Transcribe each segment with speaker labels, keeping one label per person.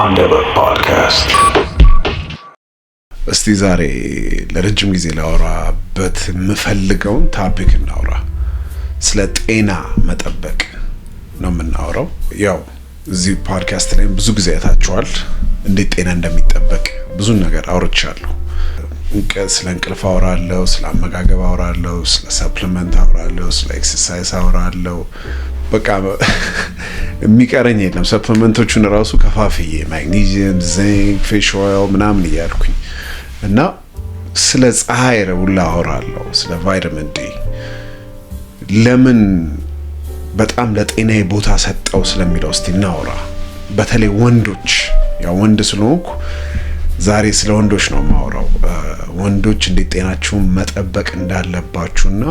Speaker 1: አንደበት ፖድካስት። እስቲ ዛሬ ለረጅም ጊዜ ላወራበት የምፈልገውን ታፒክ እናውራ። ስለ ጤና መጠበቅ ነው የምናወራው። ያው እዚህ ፖድካስት ላይ ብዙ ጊዜ አይታችኋል፣ እንዴት ጤና እንደሚጠበቅ ብዙ ነገር አውርቻለሁ። ስለ እንቅልፍ አውራለሁ፣ ስለ አመጋገብ አውራለሁ፣ ስለ ሰፕሊመንት አውራለሁ፣ ስለ ኤክሰርሳይዝ አውራለሁ፣ በቃ የሚቀረኝ የለም። ሰፕሊመንቶቹን ራሱ ከፋፍዬ ማግኒዚየም፣ ዚንክ፣ ፊሽ ኦይል ምናምን እያልኩኝ እና ስለ ፀሐይ ረቡላ አወራለሁ፣ ስለ ቫይታሚን ዲ ለምን በጣም ለጤናዬ ቦታ ሰጠው ስለሚለው እስቲ እናወራ። በተለይ ወንዶች ያው ወንድ ስለሆንኩ ዛሬ ስለ ወንዶች ነው የማወራው። ወንዶች እንዴት ጤናችሁን መጠበቅ እንዳለባችሁና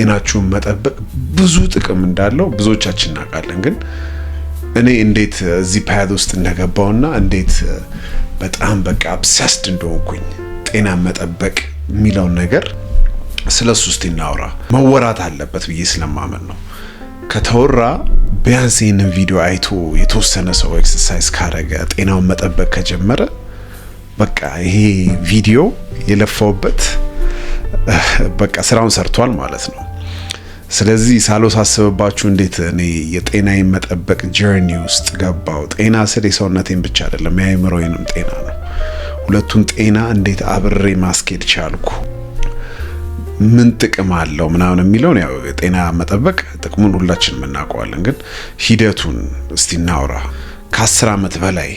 Speaker 1: ጤናችሁን መጠበቅ ብዙ ጥቅም እንዳለው ብዙዎቻችን እናውቃለን። ግን እኔ እንዴት እዚህ ፓያት ውስጥ እንደገባውና እንዴት በጣም በቃ አብሰስድ እንደሆንኩኝ ጤና መጠበቅ የሚለውን ነገር ስለ እሱ እስቲ እናውራ። መወራት አለበት ብዬ ስለማመን ነው። ከተወራ ቢያንስ ይህንን ቪዲዮ አይቶ የተወሰነ ሰው ኤክሰርሳይዝ ካረገ ጤናውን መጠበቅ ከጀመረ በቃ ይሄ ቪዲዮ የለፋውበት በቃ ስራውን ሰርቷል ማለት ነው። ስለዚህ ሳልወሳስብባችሁ እንዴት እኔ የጤናዬን መጠበቅ ጀርኒ ውስጥ ገባው። ጤና ስል የሰውነቴን ብቻ አይደለም፣ የአእምሮዬንም ጤና ነው። ሁለቱን ጤና እንዴት አብሬ ማስኬድ ቻልኩ? ምን ጥቅም አለው ምናምን የሚለውን ያው የጤና መጠበቅ ጥቅሙን ሁላችንም እናውቀዋለን፣ ግን ሂደቱን እስቲ እናውራ። ከአስር ዓመት በላይ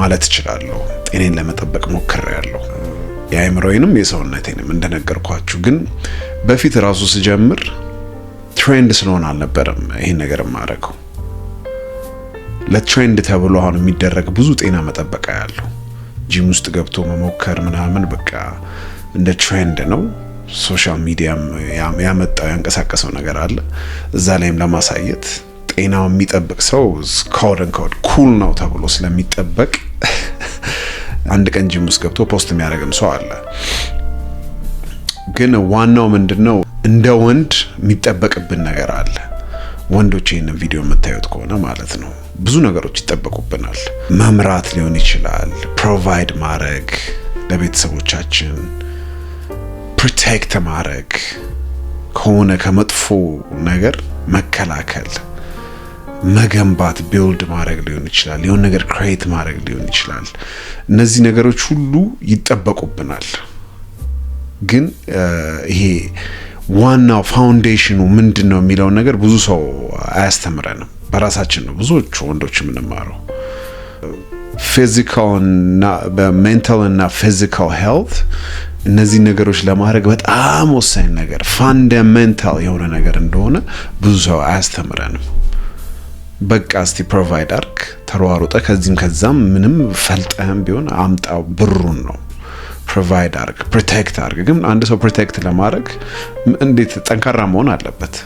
Speaker 1: ማለት እችላለሁ ጤኔን ለመጠበቅ ሞክሬያለሁ። የአእምሮዬንም የሰውነቴንም እንደነገርኳችሁ። ግን በፊት ራሱ ስጀምር ትሬንድ ስለሆን አልነበረም ይህን ነገር የማደርገው። ለትሬንድ ተብሎ አሁን የሚደረግ ብዙ ጤና መጠበቂያ ያለው ጂም ውስጥ ገብቶ መሞከር ምናምን በቃ እንደ ትሬንድ ነው። ሶሻል ሚዲያም ያመጣው ያንቀሳቀሰው ነገር አለ። እዛ ላይም ለማሳየት ጤናው የሚጠብቅ ሰው ኮድ ኮድ ኩል ነው ተብሎ ስለሚጠበቅ አንድ ቀን ጂም ውስጥ ገብቶ ፖስት የሚያደርግም ሰው አለ። ግን ዋናው ምንድን ነው? እንደ ወንድ የሚጠበቅብን ነገር አለ። ወንዶች ይህንን ቪዲዮ የምታዩት ከሆነ ማለት ነው ብዙ ነገሮች ይጠበቁብናል። መምራት ሊሆን ይችላል፣ ፕሮቫይድ ማድረግ ለቤተሰቦቻችን፣ ፕሮቴክት ማድረግ ከሆነ ከመጥፎ ነገር መከላከል መገንባት ቢልድ ማድረግ ሊሆን ይችላል። የሆነ ነገር ክሬት ማድረግ ሊሆን ይችላል። እነዚህ ነገሮች ሁሉ ይጠበቁብናል። ግን ይሄ ዋናው ፋውንዴሽኑ ምንድን ነው የሚለውን ነገር ብዙ ሰው አያስተምረንም። በራሳችን ነው ብዙዎቹ ወንዶች የምንማረው። ሜንታል እና ፊዚካል ሄልት እነዚህ ነገሮች ለማድረግ በጣም ወሳኝ ነገር ፋንዳሜንታል የሆነ ነገር እንደሆነ ብዙ ሰው አያስተምረንም። በቃ እስቲ ፕሮቫይድ አርግ ተሯሩጠ ከዚህም ከዛም ምንም ፈልጠህም ቢሆን አምጣ ብሩን ነው ፕሮቫይድ አርግ ፕሮቴክት አርግ። ግን አንድ ሰው ፕሮቴክት ለማድረግ እንዴት ጠንካራ መሆን አለበት።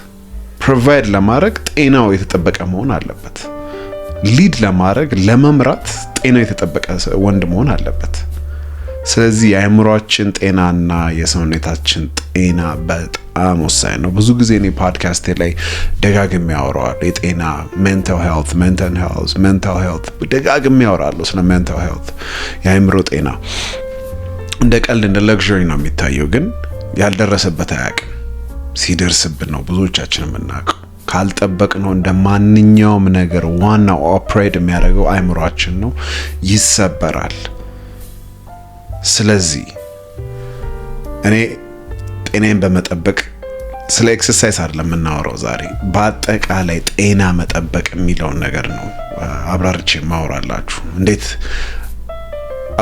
Speaker 1: ፕሮቫይድ ለማድረግ ጤናው የተጠበቀ መሆን አለበት። ሊድ ለማድረግ ለመምራት ጤናው የተጠበቀ ወንድ መሆን አለበት። ስለዚህ የአእምሯችን ጤናና የሰውነታችን ጤና በጣም ወሳኝ ነው። ብዙ ጊዜ እኔ ፓድካስቴ ላይ ደጋግሜ ያወራዋል። የጤና ሜንታል ሄልት ሜንታል ሄልት ሜንታል ሄልት ደጋግሜ ያወራለሁ ስለ ሜንታል ሄልት የአእምሮ ጤና እንደ ቀልድ እንደ ለግዥሪ ነው የሚታየው፣ ግን ያልደረሰበት አያውቅም። ሲደርስብን ነው ብዙዎቻችን የምናውቀው። ነው እንደ ማንኛውም ነገር ዋናው ኦፕሬት የሚያደርገው አእምሯችን ነው። ይሰበራል ስለዚህ እኔ ጤናዬን በመጠበቅ ስለ ኤክሰርሳይዝ አይደለም የምናወራው ዛሬ፣ በአጠቃላይ ጤና መጠበቅ የሚለውን ነገር ነው አብራርቼ ማወራላችሁ እንዴት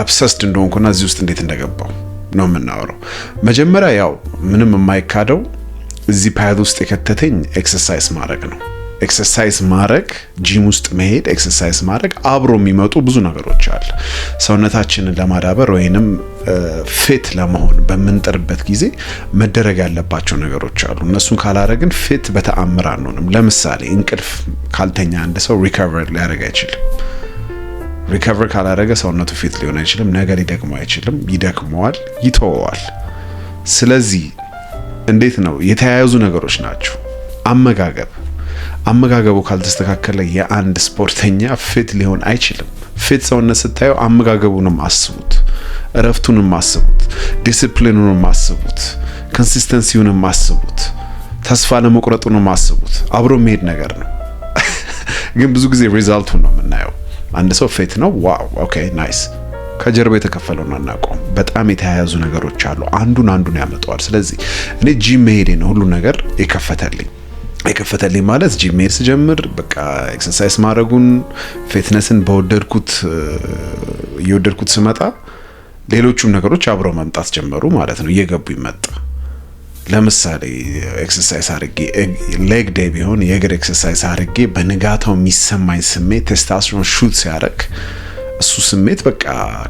Speaker 1: አብሰስድ እንደሆንኩና እዚህ ውስጥ እንዴት እንደገባው ነው የምናወራው። መጀመሪያ ያው ምንም የማይካደው እዚህ ፓያት ውስጥ የከተተኝ ኤክሰርሳይዝ ማድረግ ነው። ኤክሰርሳይዝ ማድረግ ጂም ውስጥ መሄድ፣ ኤክሰርሳይዝ ማድረግ አብሮ የሚመጡ ብዙ ነገሮች አሉ ሰውነታችንን ለማዳበር ወይንም ፊት ለመሆን በምንጥርበት ጊዜ መደረግ ያለባቸው ነገሮች አሉ። እነሱን ካላረግን ፊት በተአምር አንሆንም። ለምሳሌ እንቅልፍ ካልተኛ አንድ ሰው ሪከቨር ሊያደርግ አይችልም። ሪከቨር ካላደረገ ሰውነቱ ፊት ሊሆን አይችልም። ነገ ሊደግመው አይችልም። ይደክመዋል፣ ይተወዋል። ስለዚህ እንዴት ነው የተያያዙ ነገሮች ናቸው። አመጋገብ አመጋገቡ ካልተስተካከለ የአንድ ስፖርተኛ ፊት ሊሆን አይችልም። ፊት ሰውነት ስታዩ አመጋገቡንም አስቡት፣ እረፍቱንም አስቡት፣ ዲስፕሊኑንም አስቡት፣ ኮንሲስተንሲውንም አስቡት፣ ተስፋ ለመቁረጡንም አስቡት። አብሮ መሄድ ነገር ነው። ግን ብዙ ጊዜ ሪዛልቱን ነው የምናየው። አንድ ሰው ፊት ነው፣ ዋው ኦኬ ናይስ። ከጀርባ የተከፈለውን አናውቀውም። በጣም የተያያዙ ነገሮች አሉ። አንዱን አንዱን ያመጣዋል። ስለዚህ እኔ ጂም መሄዴ ነው ሁሉ ነገር የከፈተልኝ። የከፈተልኝ ማለት ጂሜል ስጀምር በቃ ኤክሰርሳይዝ ማድረጉን ፊትነስን በወደድኩት እየወደድኩት ስመጣ ሌሎቹም ነገሮች አብረው መምጣት ጀመሩ ማለት ነው። እየገቡ ይመጣ ለምሳሌ ኤክሰርሳይዝ አድርጌ ሌግ ዴይ ቢሆን የእግር ኤክሰርሳይዝ አድርጌ በንጋታው የሚሰማኝ ስሜት ቴስታስትሮን ሹት ሲያደርግ እሱ ስሜት በቃ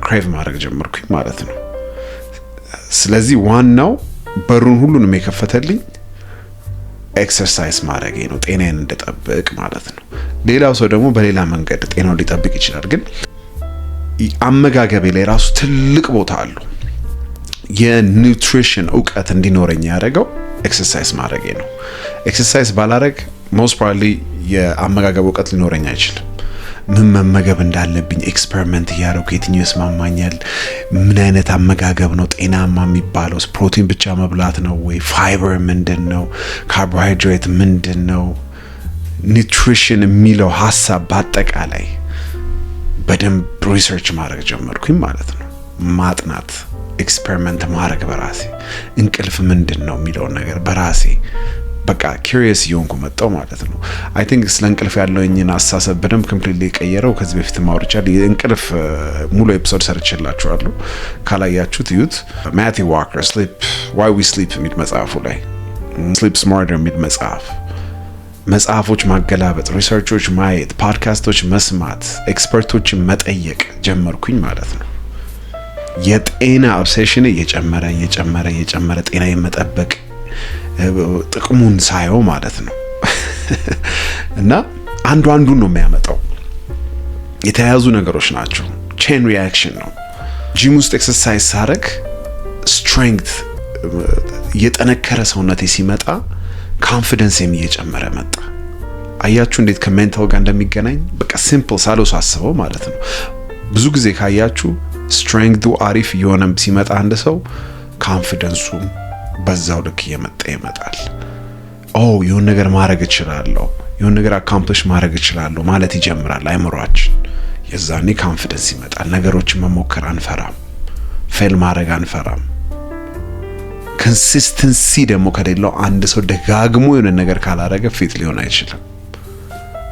Speaker 1: ክሬቭ ማድረግ ጀመርኩኝ ማለት ነው። ስለዚህ ዋናው በሩን ሁሉንም የከፈተልኝ ኤክሰርሳይዝ ማድረጌ ነው ጤናዬን እንድጠብቅ ማለት ነው። ሌላው ሰው ደግሞ በሌላ መንገድ ጤናውን ሊጠብቅ ይችላል፣ ግን አመጋገቤ ላይ ራሱ ትልቅ ቦታ አሉ። የኒውትሪሽን እውቀት እንዲኖረኝ ያደረገው ኤክሰርሳይዝ ማድረጌ ነው። ኤክሰርሳይዝ ባላረግ ሞስት ፕሮባብሊ የአመጋገብ እውቀት ሊኖረኝ አይችልም። ምን መመገብ እንዳለብኝ ኤክስፐሪመንት እያደረኩ የትኛው ይስማማኛል፣ ምን አይነት አመጋገብ ነው ጤናማ የሚባለው፣ ፕሮቲን ብቻ መብላት ነው ወይ፣ ፋይበር ምንድን ነው፣ ካርቦሃይድሬት ምንድን ነው፣ ኒትሪሽን የሚለው ሀሳብ በአጠቃላይ በደንብ ሪሰርች ማድረግ ጀመርኩኝ ማለት ነው። ማጥናት ኤክስፐሪመንት ማድረግ በራሴ እንቅልፍ ምንድን ነው የሚለውን ነገር በራሴ በቃ ኪሪየስ እየሆንኩ መጣው ማለት ነው። አይ ቲንክ ስለ እንቅልፍ ያለኝን አሳሰብ በደንብ ኮምፕሊትሊ የቀየረው ከዚህ በፊት ማውርቻል እንቅልፍ ሙሉ ኤፒሶድ ሰርችላችኋለሁ። ካላያችሁት እዩት። ማቲ ዋከር ስሊፕ ዋይ ዊ ስሊፕ የሚል መጽሐፉ ላይ ስሊፕ ስማርተር የሚል መጽሐፍ መጽሐፎች ማገላበጥ፣ ሪሰርቾች ማየት፣ ፖድካስቶች መስማት፣ ኤክስፐርቶችን መጠየቅ ጀመርኩኝ ማለት ነው። የጤና ኦብሴሽን እየጨመረ እየጨመረ እየጨመረ ጤና የመጠበቅ ጥቅሙን ሳየው ማለት ነው። እና አንዱ አንዱን ነው የሚያመጣው። የተያያዙ ነገሮች ናቸው። ቼን ሪያክሽን ነው። ጂም ውስጥ ኤክሰርሳይዝ ሳረግ ስትሬንግት እየጠነከረ ሰውነቴ ሲመጣ ካንፊደንስም እየጨመረ መጣ። አያችሁ እንዴት ከሜንታል ጋር እንደሚገናኝ በቃ ሲምፕል ሳለው ሳስበው ማለት ነው። ብዙ ጊዜ ካያችሁ ስትሬንግቱ አሪፍ እየሆነም ሲመጣ አንድ ሰው ካንፊደንሱም በዛው ልክ እየመጣ ይመጣል። ኦ ይሁን ነገር ማድረግ እችላለሁ፣ ይሁን ነገር አካምፕሊሽ ማድረግ እችላለሁ ማለት ይጀምራል አይምሯችን። የዛኔ ካንፊደንስ ይመጣል። ነገሮችን መሞከር አንፈራም፣ ፌል ማድረግ አንፈራም። ኮንሲስተንሲ ደግሞ ከሌለው አንድ ሰው ደጋግሞ የሆነ ነገር ካላደረገ ፊት ሊሆን አይችልም።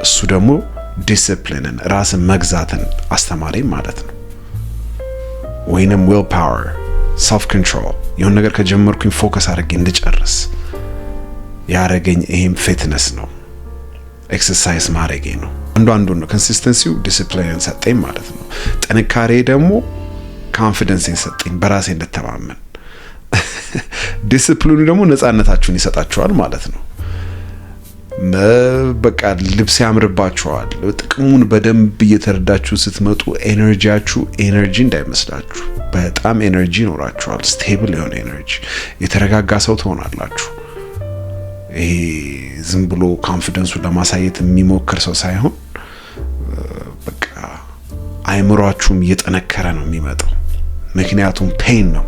Speaker 1: እሱ ደግሞ ዲስፕሊንን ራስን መግዛትን አስተማሪ ማለት ነው፣ ወይንም ዊል ፓወር ሰልፍ ኮንትሮል የሆን ነገር ከጀመርኩኝ ፎከስ አድርጌ እንድጨርስ ያረገኝ ይሄም ፊትነስ ነው፣ ኤክሰርሳይዝ ማድረጌ ነው። አንዱ አንዱ ነው። ኮንሲስተንሲው ዲስፕሊን ሰጠኝ ማለት ነው። ጥንካሬ ደግሞ ካንፊደንስን ሰጠኝ፣ በራሴ እንድተማመን። ዲስፕሊኑ ደግሞ ነፃነታችሁን ይሰጣችኋል ማለት ነው። በቃ ልብስ ያምርባችኋል። ጥቅሙን በደንብ እየተረዳችሁ ስትመጡ ኤነርጂያችሁ ኤነርጂ እንዳይመስላችሁ በጣም ኤነርጂ ይኖራችኋል። ስቴብል የሆነ ኤነርጂ፣ የተረጋጋ ሰው ትሆናላችሁ። ይሄ ዝም ብሎ ኮንፊደንሱን ለማሳየት የሚሞክር ሰው ሳይሆን በቃ አይምሯችሁም እየጠነከረ ነው የሚመጣው። ምክንያቱም ፔን ነው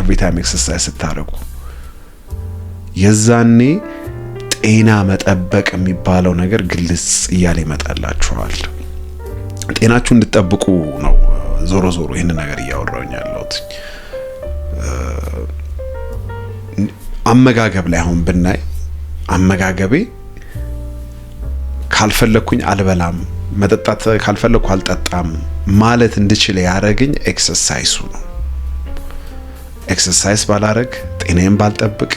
Speaker 1: ኤቭሪታይም ኤክሰርሳይዝ ስታደርጉ የዛኔ ጤና መጠበቅ የሚባለው ነገር ግልጽ እያለ ይመጣላችኋል። ጤናችሁ እንድጠብቁ ነው። ዞሮ ዞሮ ይህን ነገር እያወራውኝ ያለሁት አመጋገብ ላይ አሁን ብናይ አመጋገቤ ካልፈለግኩኝ አልበላም፣ መጠጣት ካልፈለግኩ አልጠጣም ማለት እንድችል ያደረግኝ ኤክሰርሳይሱ ነው። ኤክሰርሳይዝ ባላረግ ጤናዬን ባልጠብቅ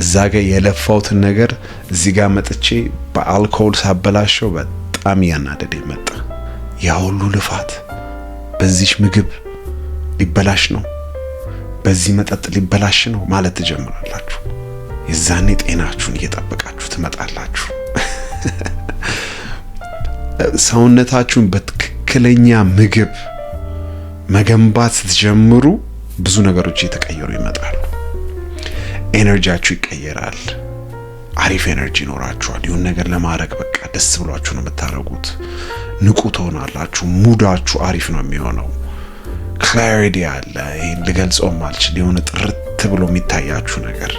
Speaker 1: እዛ ጋ የለፋውትን ነገር እዚህ ጋር መጥቼ በአልኮል ሳበላሸው በጣም እያናደደ መጣ። ያ ሁሉ ልፋት በዚች ምግብ ሊበላሽ ነው፣ በዚህ መጠጥ ሊበላሽ ነው ማለት ትጀምራላችሁ። የዛኔ ጤናችሁን እየጠበቃችሁ ትመጣላችሁ። ሰውነታችሁን በትክክለኛ ምግብ መገንባት ስትጀምሩ ብዙ ነገሮች እየተቀየሩ ይመጣሉ። ኤነርጂያችሁ ይቀየራል። አሪፍ ኤነርጂ ይኖራችኋል። ይሁን ነገር ለማድረግ በቃ ደስ ብሏችሁ ነው የምታደርጉት። ንቁ ትሆናላችሁ። ሙዳችሁ አሪፍ ነው የሚሆነው። ክላሪቲ አለ። ይህን ልገልጸውም አልችል። የሆነ ጥርት ብሎ የሚታያችሁ ነገር፣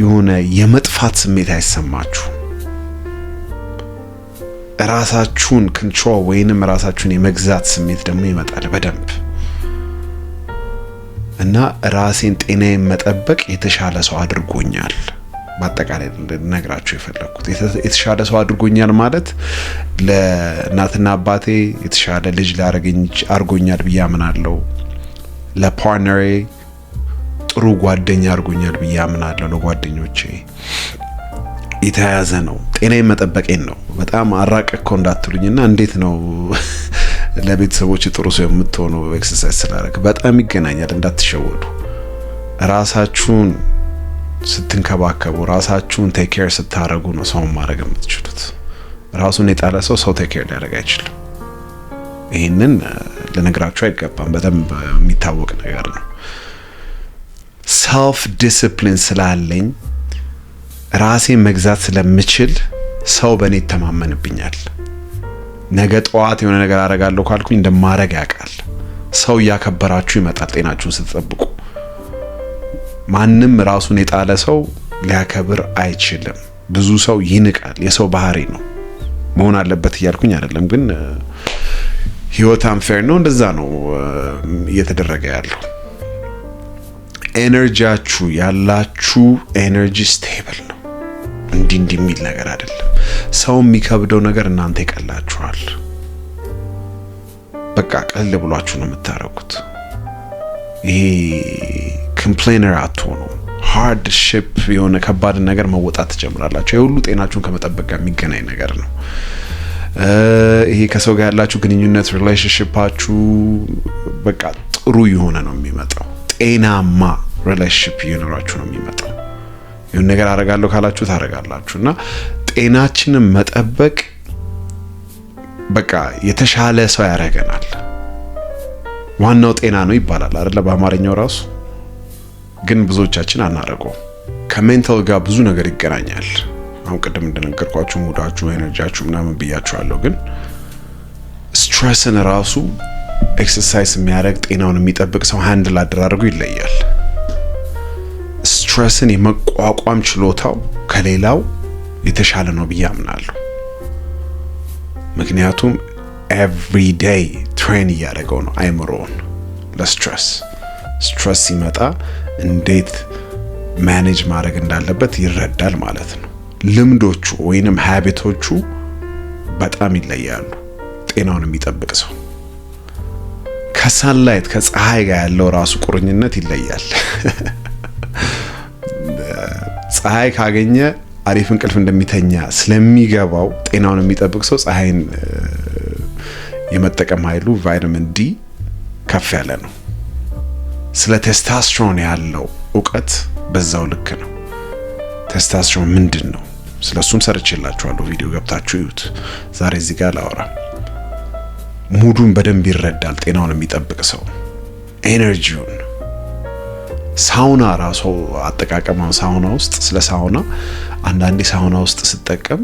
Speaker 1: የሆነ የመጥፋት ስሜት አይሰማችሁ። ራሳችሁን ክንትሮል ወይንም ራሳችሁን የመግዛት ስሜት ደግሞ ይመጣል በደንብ እና ራሴን ጤናዬን መጠበቅ የተሻለ ሰው አድርጎኛል። በአጠቃላይ ልነግራቸው የፈለግኩት የተሻለ ሰው አድርጎኛል ማለት ለእናትና አባቴ የተሻለ ልጅ አድርጎኛል ብዬ አምናለሁ። ለፓርነሬ ጥሩ ጓደኛ አድርጎኛል ብዬ አምናለሁ። ለጓደኞቼ የተያያዘ ነው። ጤናዬን መጠበቄን ነው። በጣም አራቅ እኮ እንዳትሉኝና እንዴት ነው ለቤተሰቦች ጥሩ ሰው የምትሆኑ በኤክሰርሳይዝ ስላደረግ በጣም ይገናኛል። እንዳትሸወዱ። ራሳችሁን ስትንከባከቡ፣ ራሳችሁን ቴኬር ስታደረጉ ነው ሰውን ማድረግ የምትችሉት። ራሱን የጣለ ሰው ሰው ቴክ ሊያደረግ አይችልም። ይህንን ልነግራችሁ አይገባም። በደንብ የሚታወቅ ነገር ነው። ሰልፍ ዲስፕሊን ስላለኝ ራሴ መግዛት ስለምችል ሰው በእኔ ይተማመንብኛል። ነገ ጠዋት የሆነ ነገር አረጋለሁ ካልኩኝ እንደማረግ ያውቃል። ሰው እያከበራችሁ ይመጣል። ጤናችሁን ስትጠብቁ ማንም ራሱን የጣለ ሰው ሊያከብር አይችልም። ብዙ ሰው ይንቃል። የሰው ባህሪ ነው። መሆን አለበት እያልኩኝ አይደለም፣ ግን ህይወት አንፌር ነው። እንደዛ ነው እየተደረገ ያለው። ኤነርጂያችሁ ያላችሁ ኤነርጂ ስቴብል ነው። እንዲህ እንዲህ የሚል ነገር አይደለም። ሰው የሚከብደው ነገር እናንተ ይቀላችኋል። በቃ ቀል ብሏችሁ ነው የምታደርጉት። ይሄ ኮምፕሌነር አትሆኑ። ሃርድ ሺፕ የሆነ ከባድ ነገር መወጣት ትጀምራላችሁ። የሁሉ ጤናችሁን ከመጠበቅ ጋር የሚገናኝ ነገር ነው። ይሄ ከሰው ጋር ያላችሁ ግንኙነት ሪሌሽንሽፓችሁ በቃ ጥሩ የሆነ ነው የሚመጣው። ጤናማ ሪሌሽንሽፕ እየኖራችሁ ነው የሚመጣው። ይሁን ነገር አረጋለሁ ካላችሁ ታረጋላችሁ እና ጤናችንን መጠበቅ በቃ የተሻለ ሰው ያደርገናል። ዋናው ጤና ነው ይባላል አይደለ? በአማርኛው ራሱ ግን ብዙዎቻችን አናደርገው። ከሜንታል ጋር ብዙ ነገር ይገናኛል። አሁን ቅድም እንደነገርኳችሁ ሙዳችሁ፣ ኤነርጂያችሁ ምናምን ብያችኋለሁ። ግን ስትረስን ራሱ ኤክሰርሳይዝ የሚያደርግ ጤናውን የሚጠብቅ ሰው ሃንድል አደራርጉ ይለያል። ስትረስን የመቋቋም ችሎታው ከሌላው የተሻለ ነው ብዬ አምናለሁ። ምክንያቱም ኤቭሪ ዴይ ትሬን እያደረገው ነው አይምሮውን ለስትረስ ስትረስ ሲመጣ እንዴት ማኔጅ ማድረግ እንዳለበት ይረዳል ማለት ነው። ልምዶቹ ወይንም ሀቢቶቹ በጣም ይለያሉ። ጤናውን የሚጠብቅ ሰው ከሳንላይት ከፀሐይ ጋር ያለው ራሱ ቁርኝነት ይለያል። ፀሐይ ካገኘ አሪፍ እንቅልፍ እንደሚተኛ ስለሚገባው ጤናውን የሚጠብቅ ሰው ፀሐይን የመጠቀም ኃይሉ ቫይታሚን ዲ ከፍ ያለ ነው። ስለ ቴስታስትሮን ያለው እውቀት በዛው ልክ ነው። ቴስታስትሮን ምንድን ነው? ስለ እሱም ሰርችላችኋለሁ። ቪዲዮ ገብታችሁ ይዩት። ዛሬ እዚህ ጋር ላወራ። ሙዱን በደንብ ይረዳል ጤናውን የሚጠብቅ ሰው ኤነርጂውን ሳውና ራሱ አጠቃቀም ሳውና ውስጥ ስለ ሳውና አንዳንዴ ሳውና ውስጥ ስጠቀም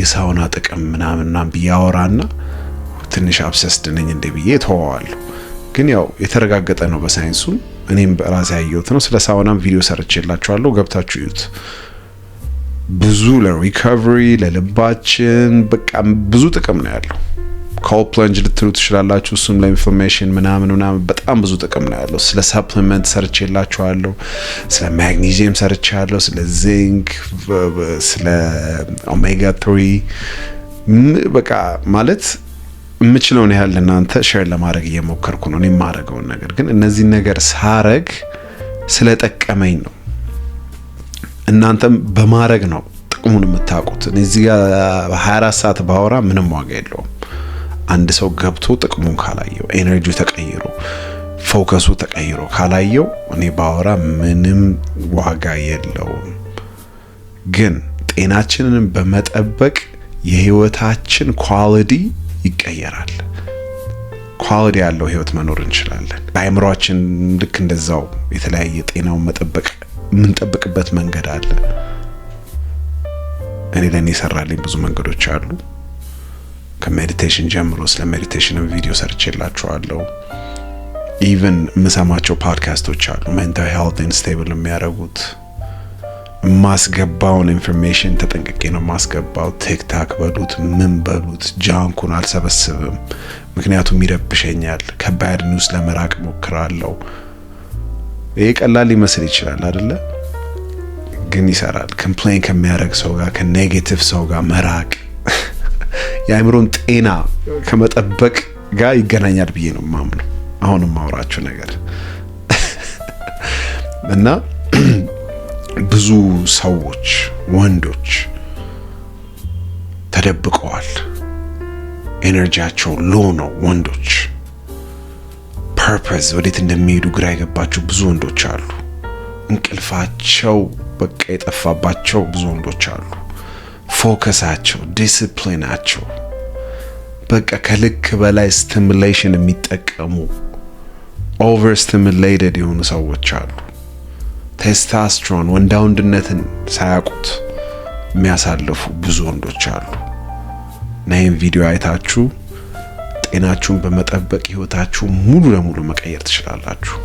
Speaker 1: የሳውና ጥቅም ምናምንና ብያወራና ትንሽ አብሰስድ ነኝ እንደ ብዬ ተዋዋለሁ። ግን ያው የተረጋገጠ ነው በሳይንሱም እኔም በራሴ ያየሁት ነው። ስለ ሳውናም ቪዲዮ ሰርቼላችኋለሁ፣ ገብታችሁ እዩት። ብዙ ለሪካቨሪ ለልባችን በቃ ብዙ ጥቅም ነው ያለው። ኮፕለንጅ ልትሉ ትችላላችሁ። እሱም ለኢንፎርሜሽን ምናምን ምናምን በጣም ብዙ ጥቅም ነው ያለው። ስለ ሰፕሊመንት ሰርች የላችኋለሁ፣ ስለ ማግኒዚየም ሰርቼ ያለው፣ ስለ ዚንክ፣ ስለ ኦሜጋ ትሪ በቃ ማለት የምችለውን ያህል እናንተ ሼር ለማድረግ እየሞከርኩ ነው። እኔ የማደርገውን ነገር ግን እነዚህን ነገር ሳረግ ስለጠቀመኝ ነው። እናንተም በማድረግ ነው ጥቅሙን የምታውቁት። እዚህ ጋር 24 ሰዓት ባወራ ምንም ዋጋ የለውም። አንድ ሰው ገብቶ ጥቅሙን ካላየው ኤነርጂው ተቀይሮ ፎከሱ ተቀይሮ ካላየው እኔ ባወራ ምንም ዋጋ የለውም። ግን ጤናችንን በመጠበቅ የህይወታችን ኳሊቲ ይቀየራል። ኳሊቲ ያለው ህይወት መኖር እንችላለን። በአይምሯችን ልክ እንደዛው የተለያየ ጤናውን መጠበቅ የምንጠብቅበት መንገድ አለ። እኔ ለእኔ የሰራልኝ ብዙ መንገዶች አሉ። ከሜዲቴሽን ጀምሮ ስለ ሜዲቴሽንም ቪዲዮ ሰርቼላችኋለሁ። ኢቨን የምሰማቸው ፖድካስቶች አሉ ሜንታል ሄልትን ስቴብል የሚያደርጉት የማስገባውን ኢንፎርሜሽን ተጠንቅቄ ነው የማስገባው። ቲክታክ በሉት ምን በሉት ጃንኩን አልሰበስብም፣ ምክንያቱም ይረብሸኛል። ከባድ ኒውስ ለመራቅ ሞክራለሁ። ይሄ ቀላል ሊመስል ይችላል አይደለ? ግን ይሰራል። ኮምፕሌን ከሚያደርግ ሰው ጋር ከኔጌቲቭ ሰው ጋር መራቅ የአእምሮን ጤና ከመጠበቅ ጋር ይገናኛል ብዬ ነው ማምነው። አሁን ማውራችሁ ነገር እና ብዙ ሰዎች ወንዶች ተደብቀዋል። ኤነርጂያቸው ሎ ነው። ወንዶች ፐርፐዝ ወዴት እንደሚሄዱ ግራ የገባቸው ብዙ ወንዶች አሉ። እንቅልፋቸው በቃ የጠፋባቸው ብዙ ወንዶች አሉ። ፎከሳቸው፣ ዲስፕሊናቸው በቃ ከልክ በላይ ስቲሙሌሽን የሚጠቀሙ ኦቨር ስቲሙሌትድ የሆኑ ሰዎች አሉ። ቴስታስትሮን ወንዳ ወንድነትን ሳያውቁት የሚያሳልፉ ብዙ ወንዶች አሉ እና ይህን ቪዲዮ አይታችሁ ጤናችሁን በመጠበቅ ህይወታችሁ ሙሉ ለሙሉ መቀየር ትችላላችሁ።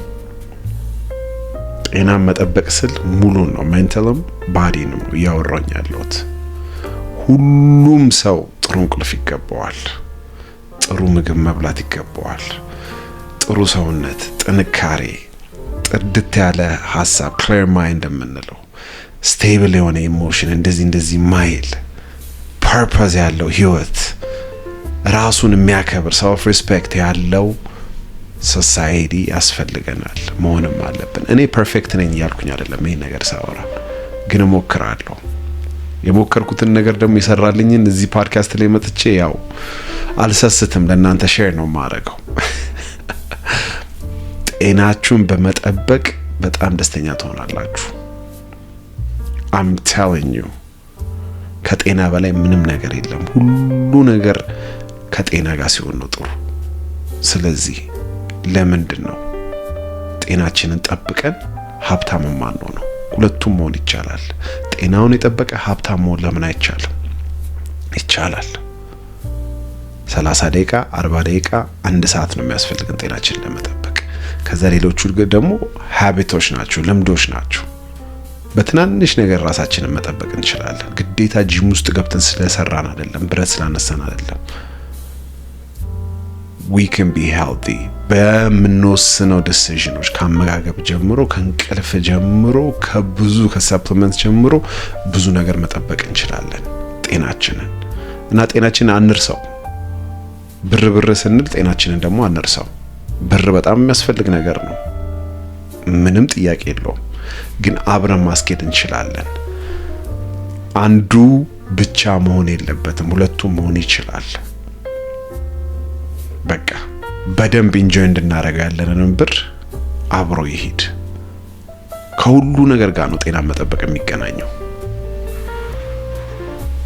Speaker 1: ጤናን መጠበቅ ስል ሙሉን ነው፣ ሜንታልም ባዲንም እያወራኝ ያለሁት። ሁሉም ሰው ጥሩ እንቅልፍ ይገባዋል። ጥሩ ምግብ መብላት ይገባዋል። ጥሩ ሰውነት፣ ጥንካሬ፣ ጥድት ያለ ሀሳብ ክሌር ማይንድ የምንለው ስቴብል የሆነ ኢሞሽን እንደዚህ እንደዚህ ማይል ፐርፐዝ ያለው ህይወት ራሱን የሚያከብር ሰልፍ ሪስፔክት ያለው ሶሳይቲ ያስፈልገናል፣ መሆንም አለብን። እኔ ፐርፌክት ነኝ እያልኩኝ አይደለም ይህን ነገር ሳወራ፣ ግን እሞክራለሁ። የሞከርኩትን ነገር ደግሞ የሰራልኝን እዚህ ፓድካስት ላይ መጥቼ ያው አልሰስትም ለእናንተ ሼር ነው የማደርገው። ጤናችሁን በመጠበቅ በጣም ደስተኛ ትሆናላችሁ። አም ቴሊንግ ዩ ከጤና በላይ ምንም ነገር የለም። ሁሉ ነገር ከጤና ጋር ሲሆን ነው ጥሩ። ስለዚህ ለምንድን ነው ጤናችንን ጠብቀን ሀብታም ማን ነው ነው ሁለቱም መሆን ይቻላል። ጤናውን የጠበቀ ሀብታም መሆን ለምን አይቻልም? ይቻላል። 30 ደቂቃ፣ 40 ደቂቃ፣ አንድ ሰዓት ነው የሚያስፈልገን ጤናችን ለመጠበቅ። ከዛ ሌሎቹ ደግሞ ሀቢቶች ናቸው፣ ልምዶች ናቸው። በትናንሽ ነገር ራሳችንን መጠበቅ እንችላለን። ግዴታ ጂም ውስጥ ገብተን ስለሰራን አይደለም፣ ብረት ስላነሳን አይደለም። ዊ ካን ቢ ሄልቲ በምንወስነው ዲሲዥኖች ከአመጋገብ ጀምሮ ከእንቅልፍ ጀምሮ ከብዙ ከሰፕሊመንት ጀምሮ ብዙ ነገር መጠበቅ እንችላለን ጤናችንን እና ጤናችንን አንርሰው። ብር ብር ስንል ጤናችንን ደግሞ አንርሰው። ብር በጣም የሚያስፈልግ ነገር ነው፣ ምንም ጥያቄ የለውም። ግን አብረን ማስኬድ እንችላለን። አንዱ ብቻ መሆን የለበትም፣ ሁለቱም መሆን ይችላል። በደንብ ኢንጆይ እንድናደርገው ያለንን ብር አብሮ ይሄድ። ከሁሉ ነገር ጋር ነው ጤና መጠበቅ የሚገናኘው።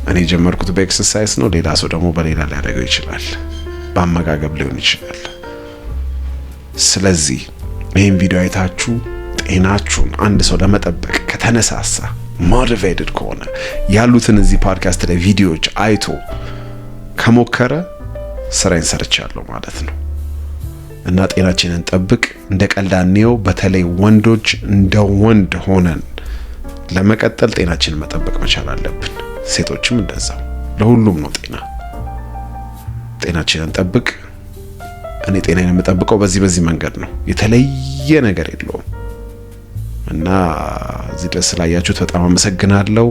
Speaker 1: እኔ የጀመርኩት በኤክሰርሳይዝ ነው። ሌላ ሰው ደግሞ በሌላ ሊያደርገው ይችላል፣ በአመጋገብ ሊሆን ይችላል። ስለዚህ ይህን ቪዲዮ አይታችሁ ጤናችሁን አንድ ሰው ለመጠበቅ ከተነሳሳ ሞቲቬትድ ከሆነ ያሉትን እዚህ ፖድካስት ላይ ቪዲዮዎች አይቶ ከሞከረ ስራዬን ሰርቻለሁ ማለት ነው። እና ጤናችንን ጠብቅ። እንደ ቀልዳኔው በተለይ ወንዶች እንደ ወንድ ሆነን ለመቀጠል ጤናችንን መጠበቅ መቻል አለብን። ሴቶችም እንደዛው። ለሁሉም ነው ጤና። ጤናችንን ጠብቅ። እኔ ጤናዬን የምጠብቀው በዚህ በዚህ መንገድ ነው። የተለየ ነገር የለውም። እና እዚህ ድረስ ስላያችሁት በጣም አመሰግናለሁ።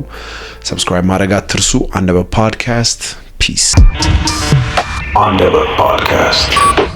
Speaker 1: ሰብስክራይብ ማድረግ አትርሱ። አንደበት ፖድካስት ፒስ። አንደበት ፖድካስት